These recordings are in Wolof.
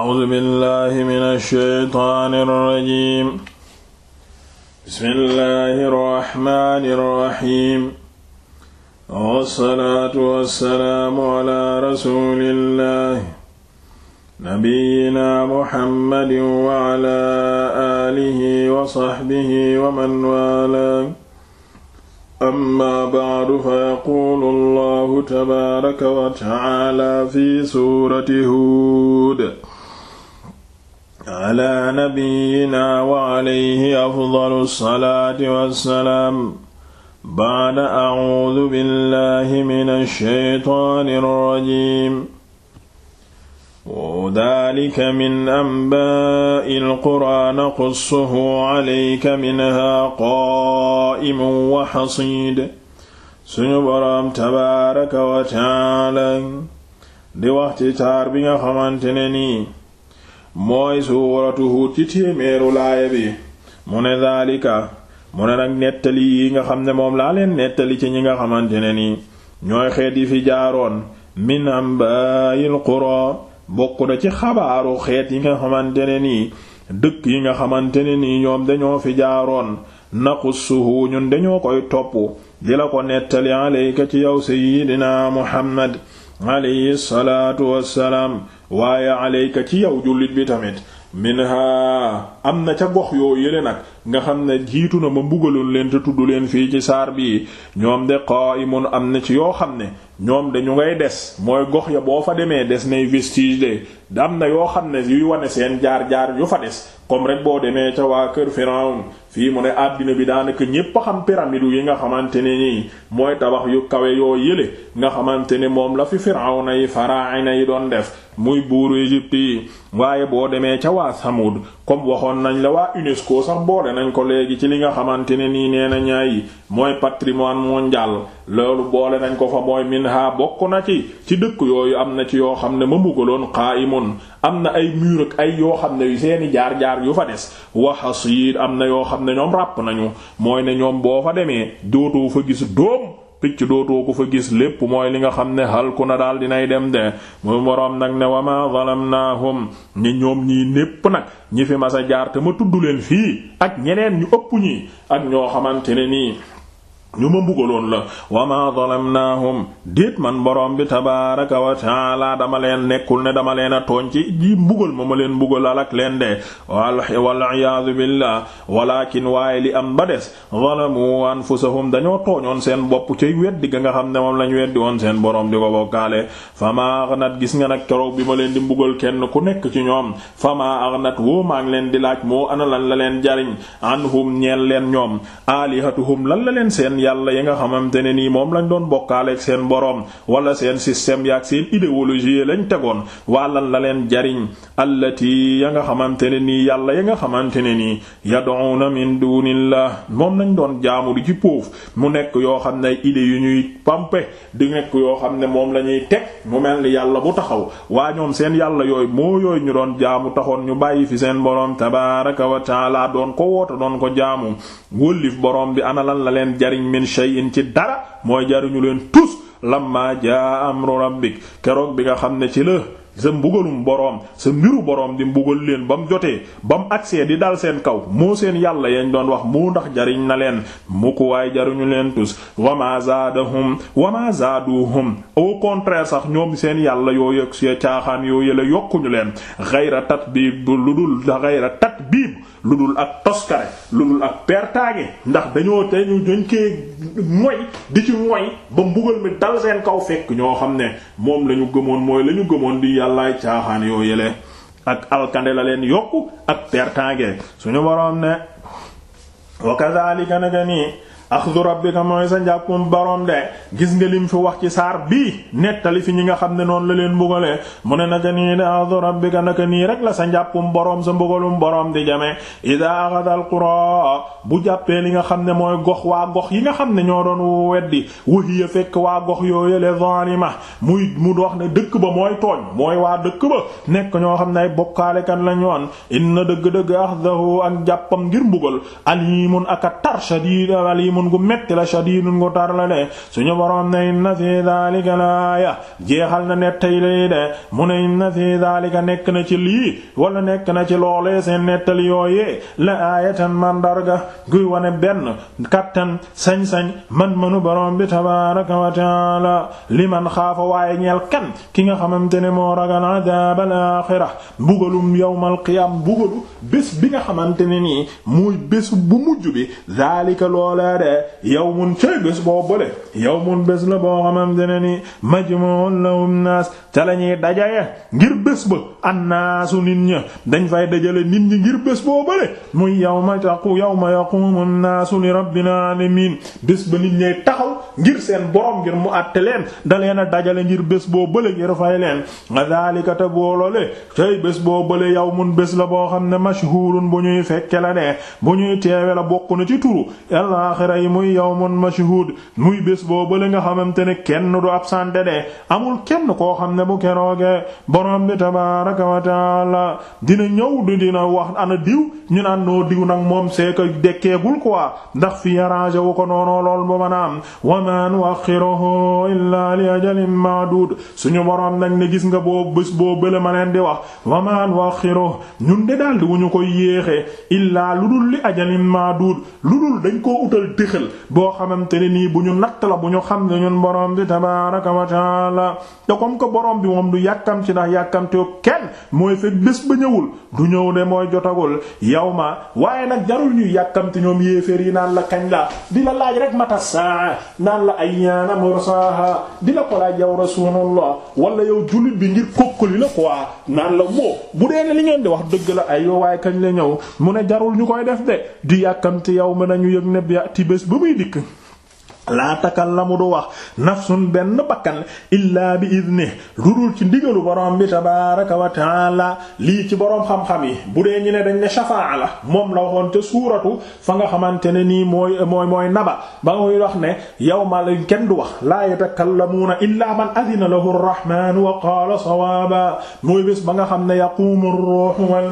A'uuzu billaahi mina shaytaani rajiim. Bismillaahi rahmaani rahiim. Wassalaatu wassalaamu alaa rasuulillaahi. Nabiyyinaa Muhammadin wa alaa aalihi wa sahbihi wa man waalaah. amma bacdu fayaquulu allahu tabaaraka wa tacaala fi suurati huud ala nabiyyina wa alayhi afdalu salaati wassalaam ba'da a'uudu billahi minash shaytaanir rajiim daalika min anbaa'il quraa naqussuhu alayka minhaa qaa'imun wa hasiid suñu boroom tabaaraka wa ta'aala di waxti taar bi nga xamante ne nii mooy suuratu Huud ci téeméeru laaya bi mu ne daalika mu ne nag nettali yi nga xam ne moom laa leen nettali ci ñi nga xamante ne nii ñooy xeet yi fi jaaroon min ambaayil qura bokk na ci xabaaru xeet yi nga xamante ne nii dëkk yi nga xamante ne nii ñoom dañoo fi jaaroon naqussuhu ñun dañoo koy topp di la ko nettali alayka ci yow sayyidina muhammad alayhi salaatu wassalaam waaye alayka ci yow jullit bi tamit minha am na ca gox yoo yële nag nga xam ne jiitu na ma mbugaloon leen te tudd leen fii ci saar bii ñoom de qa'imun am na ci yoo xam ne ñoom dañu ngay des mooy gox ya boo fa demee des nay vestige de am na yoo xam ne yuy wane seen jaar-jaar yu fa des comme rek boo demee ca waa kër Firawun fii mu ne àddina bi daanaka ñépp a xam pyramide yi nga xamante ne nii mooy tabax yu kawe yoo yële nga xamante ne moom la fi Firawna yi faraayna yi doon def muy buuru Égypte yi waaye boo demee ca waa Samud comme waxoon nañ la waa boole nañ ko léegi ci li nga xamante ne nii nee na ñaay mooy patrimoine mondial loolu boole nañ ko fa mooy minha bokk na ci ci dëkk yooyu am na ci yoo xam ne ma mbugaloon qa'imun am na ay mur ak ay yoo xam ne yu seeni jaar-jaar yu fa des wa hasid am na yoo xam ne ñoom ràpp nañu mooy ne ñoom boo fa demee dootoo fa gis doom picc dootoo ko fa gis lépp mooy li nga xam ne halku na daal dinay dem de mu boroom nag ne wama zalamnahum ñi ñoom ñii népp nag ñi fi masa jaar te ma tudd leen fii ak ñeneen ñu ëpp ñi ak ñoo xamante ne nii ñu ma mbugaloon la wa ma zalamnahum déet man borom bi tabaaraka wa laa dama leen nekkul ne dama leen a tooñ ci ji mbugal ma ma leen mbugal alak leen de wal iyaadu billah walakin waaye li am ba des zalamu anfusahum dañoo tooñoon seen bopp cay weddi ga nga xam ne moom lañ weddi woon seen borom di ko bokkaale fama aghnat gis nga nag keroog bi ma leen di mbugal kenn ku nekk ci ñoom fama aghnat woo maa ngi leen di laaj moo ana lan la leen jariñ anhum ñeel leen ñoom alihatuhum lan la leen seen yàlla yi nga xamante ne nii moom lañ doon bokkaaleeg seen boroom wala seen système yaak seen idéologie lañ tegoon waalan la leen jariñ allati ya nga xamante ne nii yàlla ya nga xamante ne nii yad'una min dunillah moom lañ doon jaamu di mu nekk yoo xam ne idées yu ñuy pampe di nekk yoo xam ne moom la teg mu mel ni yàlla bu taxaw waa ñoom seen yàlla yooyu moo yooyu ñu doon jaamu taxoon ñu bàyyi fi seen boroom tabaraka wa taala doon ko woota doon ko jaamu wëllif boroom bi analan la leen jariñ min shay'in ci dara mooy jaruñu leen tus lamma jaa amru rabbik keroog bi nga xam ne ci la sa mbugalum boroom sa mbiru boroom di mbugal leen ba mu jotee ba mu agsee di dal seen kaw moo seen yàlla yañ doon wax moo ndax jariñ na leen mu ko waay jaruñu leen tus wama zaadahum wama zaaduhum au contraire sax ñoom seen yàlla yoo yëg see caaxaan yoo yële yokkuñu leen xayra tatbiib lu dul xayra tatbiib lu dul ak toskare lu dul ak pertaage ndax dañoo te ñu dañ kee moy di ci moy ba mbugal mi dal seen kaw fekk ñoo xam ne moom lañu gëmoon mooy lañu yàllaay caaxaan yoo yële ak alkande la leen yokku ak pertange suñu boroom ne wa kadhalika naka nii axdu rabbika mooy sa njàppum borom de gis nga lim fi wax ci saar bii nettali fi ñi nga xam ne noonu la leen mbugalee mu ne naka nii de axdu rabbika naka nii rek la sa njàppum boroom sa mbugalum borom di jamee ida axada al qura bu jàppee li nga xam ne mooy gox waa gox yi nga xam ne ñoo doon weddi wahiya fekk waa gox yooyu les zalima muy mu wax ne dëkk ba mooy tooñ mooy waa dëkk nekk ñoo xam ne ay bokkaalekat lañu woon inna dëgg-dëgg axdahu ak jàppam ngir mbugal alimun ak tarshadid alimun azaabun gu metti la shadiidun gu tar la de suñu boroom ne inna fi daalika la aaya jeexal na nettali lay de mu na inna fi daalika nekk na ci lii wala nekk na ci loolee seen nettali yooyee la aayatan mandarga guy wane benn kattan sañ-sañ man-manu boroom bi tabaaraka wa taala liman xaafa waaye ñeel kan ki nga xamante ne moo ragal adaabal aaxira bugalum yawmal qiyaam bugalu bés bi nga xamante nii muy bésu bu mujj bi daalika loola de de yawmun cey bés boo bële yawmun bés la boo xamante ne ni majmu'un lahum naas ca la ñuy dajaye ngir bés ba annaasu nit ña dañ fay dajale nit ñi ngir bés boo bële muy yawma taqu yawma yaqumu naasu li rabbil alamin bés ba nit ñay taxaw ngir seen borom ngir mu àtte leen da leen a dajale ngir bés boo bële ngir fay leen nga daalika te boolole cey bés boo bële yawmun bés la boo xam ne mashhuurun bu ñuy fekke la ne bu ñuy teewe la bokk na ci xadara yi muy yawmun mashhud muy bés boobu la nga xamante ne kenn du absent de amul kenn koo xam ne bu keroogee borom bi tabaaraka wa taala dina ñëw du dina wax ana diw ñu naan noo diw nag moom c'est que dekkeegul quoi ndax fi wu ko noonu lool bu mën a am wa ma nuaxxiruhu illaa li ajalin ma'duud suñu borom nag ne gis nga boo bés boobu la ma leen di wax wa ma ñun de daal di wuñu koy yéexee illaa lu dul li ajalin ma'duud lu dul dañ koo utal dëxal boo xamante ne nii bu ñu natt la bu ñu xam ne ñun borom bi tabaaraka wa taala te comme borom bi moom du yàkkam ci ndax yàkkamtoo kenn mooy fekk bés ba ñëwul du ñëw de mooy jotagul yow ma waaye nag jarul ñuy yàkkamti ñoom yéeféer yi naan la kañ la di la laaj rek mata saa naan la ayyaana mursaaha di la ko laaj yow rasulullah wala yow jullit bi ngir kokkali la quoi naan la moo bu dee ne li ngeen di wax dëgg la ay waaye kañ la ñëw mu ne jarul ñu koy def de di yàkkamti yow mën nañu yëg ne bés ba muy dikk laa takallamu du wax nafsun benn bakkan illaa bi idni lu dul ci ndigalu borom bi tabaaraka wa taala lii ci boroom xam-xam yi bu dee ñu ne dañ ne shafaa la moom la waxoon te suuratu fa nga xamante ne nii mooy mooy mooy naba ba muy wax ne yawma la kenn du wax laa yatakallamuuna illaa man adina lahu arrahmaanu wa qaala sawaaba mooy bés ba nga xam ne yaquumu ar-ruuhu wal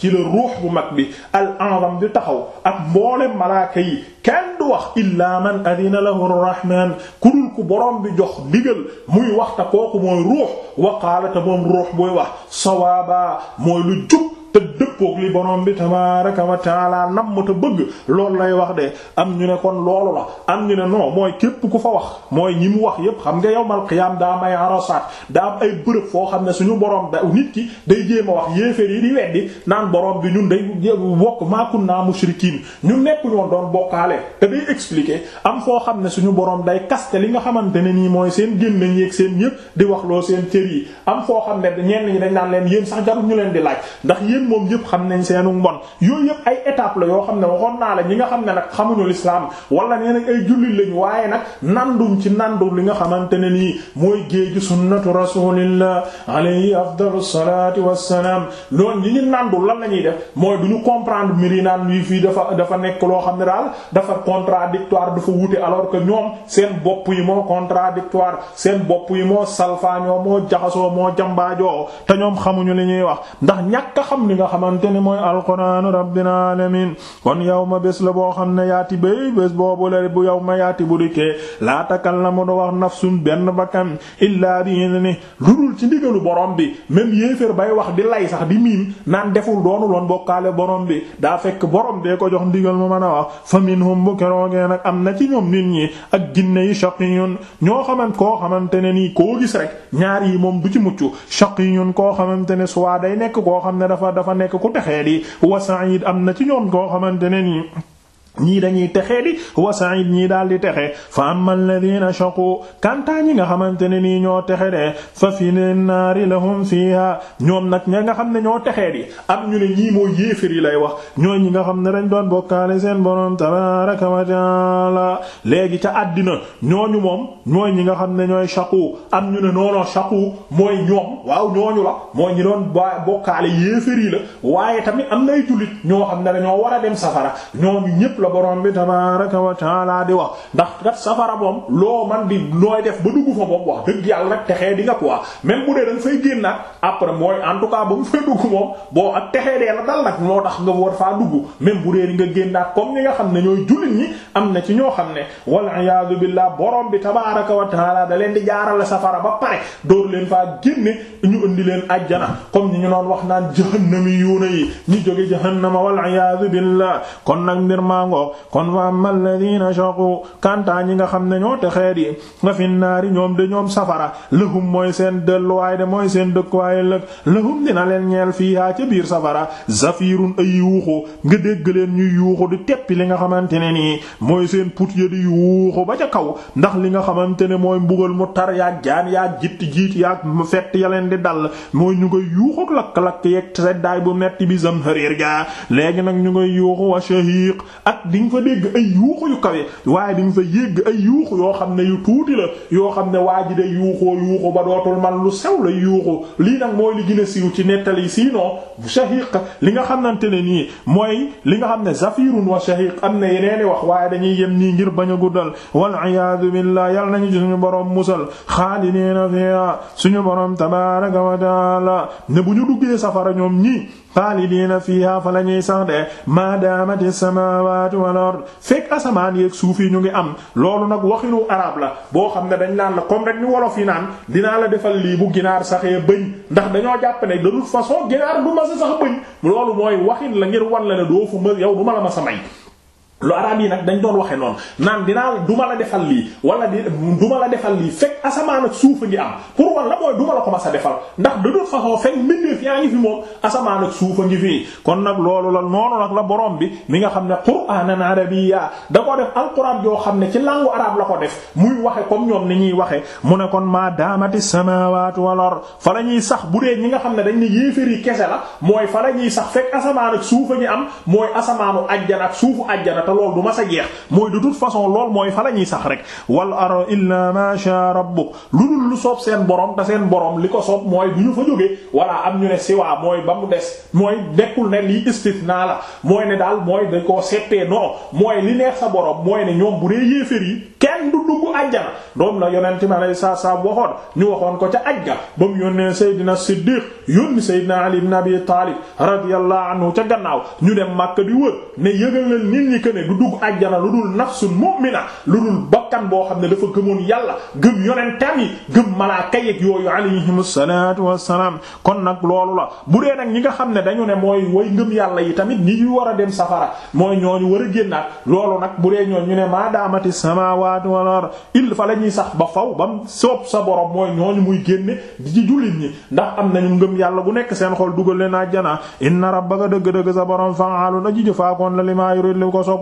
ci la ruux bu mag bi al a'zam taxaw ak mboolem malaaka yi kenn warul wax illaa man adina lahu arrahman ku dul ku borom bi jox ndigal muy waxta kooku mooy ruux waqaalata moom ruux buy wax sawaaba mooy lu jub te dëppook li borom bi tabaaraka wa taala namm te bëgg loolu lay wax de am ñu ne kon loolu la am ñu ne non mooy képp ku fa wax mooy ñi mu wax yépp xam nga yawmal qiyaam daa am ay arasaat daa am ay bërëb foo xam ne suñu borom da nit ki day jéem a wax yéeféer yi di weddi naan borom bi ñun day bokk maakun naa mushrikiin ñu nekk ñoon doon bokkaale te day expliquer am foo xam ne suñu borom day kaste li nga xamante ne nii mooy seen gémmiñ yi ak seen yépp di wax loo seen cër yi am foo xam ne ñenn ñi dañ naan leen yéen sax jarul ñu leen di laaj ndax yéen moom yëpp xam nañ seenu mbon yooyu yëpp ay étape la yoo xam ne waxoon naa la ñi nga xam ne nag xamuñu l'islam wala nee nañ ay jullit lañ waaye nag nandum ci nandu li nga xamante ne nii mooy géeju sunnatu rasulillah alayhi afdalu salatu wassalam loolu ñi ñu nandu lan la ñuy def mooy du duñu comprendre mbiri naan yi fii dafa dafa nekk loo xam ne daal dafa contradictoire dafa wuute alors que ñoom seen bopp yi moo contradictoire seen bopp yi moo salfaañoo moo jaxasoo moo jambaajoo te ñoom xamuñu li wax li nga ne mooy alquranu rabbil alamin ma bés la boo xam ne yaati bay bés boobu la bu yow ma yaati bu dikkee laa takallamu du wax nafsun benn bakkan illaa bi idni lu dul ci ndigalu borom bi même yéefér bay wax di lay sax di miim naan deful doonu loon bokkaale borom bi daa fekk borom bee ko jox ndigal mu mën a wax fa minhum bu keroogee nag am na ci ñoom nit ñi ak ginne yi shaqiyun ñoo xamant koo xamante ne nii koo gis rek ñaar yi moom du ci mucc shaqiyun koo xamante ne suwaa day nekk koo xam ne dafa dafa nekk ku texee di wa sa'id am na ci ñoom koo xamante ne nii ñii dañuy texee di wa sa'id ñii daal di texe fa amma alladhina shaqu kantaa ñi nga xamante ne nii ñoo texe de fa fi naari lahum fiha ñoom nag ña nga xam ne ñoo texee di am ñu ne ñii moo yéefér yi lay wax ñooy ñi nga xam ne dañ doon bokkaale seen borom tabaraka wa taala léegi ca àddina ñooñu moom ñooy nga xam ne ñooy shaqu am ñu ne noonoo shaqu mooy ñoom waaw doon ba bokkaale yéefér yi la am nay ñoo xam ne dañoo war a ñépp yépp la borom bi tabaaraka wa di wax ndax kat safara moom loo man di nooy def ba dugg fa moom wax dëgg yàlla nag texee di nga quoi même bu dee da nga fay génn nag après moo tax nga war faa dugg même bu dee nga génn nag comme ñi nga xam ne ñooy jullit ñi am ñoo xam ne wal iyaadu billah borom bi tabaaraka wa taala da leen di jaarale safara ba pare door leen faa génne ñu indi leen ajjana comme ni ñu doon wax naan jahannami yuuna yi ñu jóge jahannama wal iyaadu billah kon nag mbir ngoog kon wa ammal ladina shaqu kantaa ñi nga xam ne ñoo texee di nga fi naari ñoom de ñoom safara lahum mooy seen delluwaay de mooy seen dëkkuwaay lëg lahum dina leen ñeel fiihaa ca biir safara zafirun ay yuuxu nga dégg leen ñuy yuuxu di teppi li nga xamante ne nii mooy seen put ya di yuuxu ba ca kaw ndax li nga xamante ne mooy mbugal mu tar yaag jaan yaa jitt jiit yaag fett ya leen di dal mooy ñu ngay yuuxu ak lakk-lakk yeeg seddaay bu metti bi zamharir ga léegi nag ñu ngay yuuxu wa shahiq di nga fa dégg ay yuuxu yu kawe waaye di nga fa yégg ay yuuxu yoo xam ne yu tuuti la yoo xam ne waa ji day yuuxoo yuuxu ba dootul man lu sew la yuuxu lii nag mooy li gën ci nettali sinon shahiq li nga xamante ne nii mooy li nga xam ne zafirun wa shahiq am na yeneeni wax waaye dañuy yem nii ngir bañ a guddal wal iyaadu billah yal nañu ci suñu borom musal xaalidiina fiha suñu borom tabaaraka wa taala ne bu ñu duggee safara ñoom nii xaalidiina fiihaa fa la ñuy sax de maadaamati samaawaatu wal ard fekk asamaan yeeg suuf yi ñu ngi am loolu nag waxinu araab la boo xam ne dañ laan la comme rek ni wolof yi naan dinaa la defal lii bu ginaar saxee bëñ ndax dañoo jàpp ne de toute façon ginaar du ma sa sax bëñ loolu mooy waxin la ngir wan la ne doo fu ma yow du ma la ma sa lu arab yi nag dañ doon waxe noon naan dinaa duma la defal lii wala di duma la defal lii fekk asamaan ak suuf a ngi am pour wala mooy duma la a defal ndax de toute façon yaa ngi fi moom ak suuf a ngi fi kon nag loolu la noonu nag la borom bi mi nga xam ne qur'aanan arabiyya da ko def alquran yoo xam ne ci langue arabe la ko def muy waxe comme ñoom ni ñuy waxe mu ne kon maa daamati samaawaatu wal ard fa la ñuy sax bu dee ñi nga xam ne dañ ne yéeféri kese la mooy fa la ñuy sax fekk asamaan ak suuf a am mooy asamaanu ajjana ak suufu ajjana te lool du ma sa jeex mooy de toute façon lool mooy fa la ñuy sax rek wal ara illa ma sha rabbuk lu dul lu soob seen borom te seen boroom li ko soob mooy bu ñu fa jógee walla am ñu ne siwaa mooy ba mu des mooy dekkul ne lii istithna la mooy ne daal mooy dañ koo settee non mooy li neex sa boroom mooy ne ñoom bu dee yéeféer yi kenn du dugg àjjana doom la yonent ma lay saa saa waxoon ñu waxoon ko ca ga ba mu yónnee Seydina Siddiq yónni Seydina Ali ibn Abi Talib ne du dugg àjjana lu dul nafsun mu'mina lu dul bakkan boo xam ne dafa gëmoon yàlla gëm yonentam yi gëm malaaka yi yooyu alayhim salaatu wassalaam kon nag loolu la bu dee nag ñi nga xam ne dañu ne mooy way ngëm yàlla yi tamit ñi ñu war a dem safara mooy ñooñu war a génnaat loolu nag bu dee ñooñu ñu ne maadaamati samaawaatu wal ard il fa la ñuy sax ba faw ba soob sa borom mooy ñooñu muy génne di ci jullit ñi ndax am ñu ngëm yàlla bu nekk seen xol dugal leen àjjana inna rabbaka dëgg-dëgg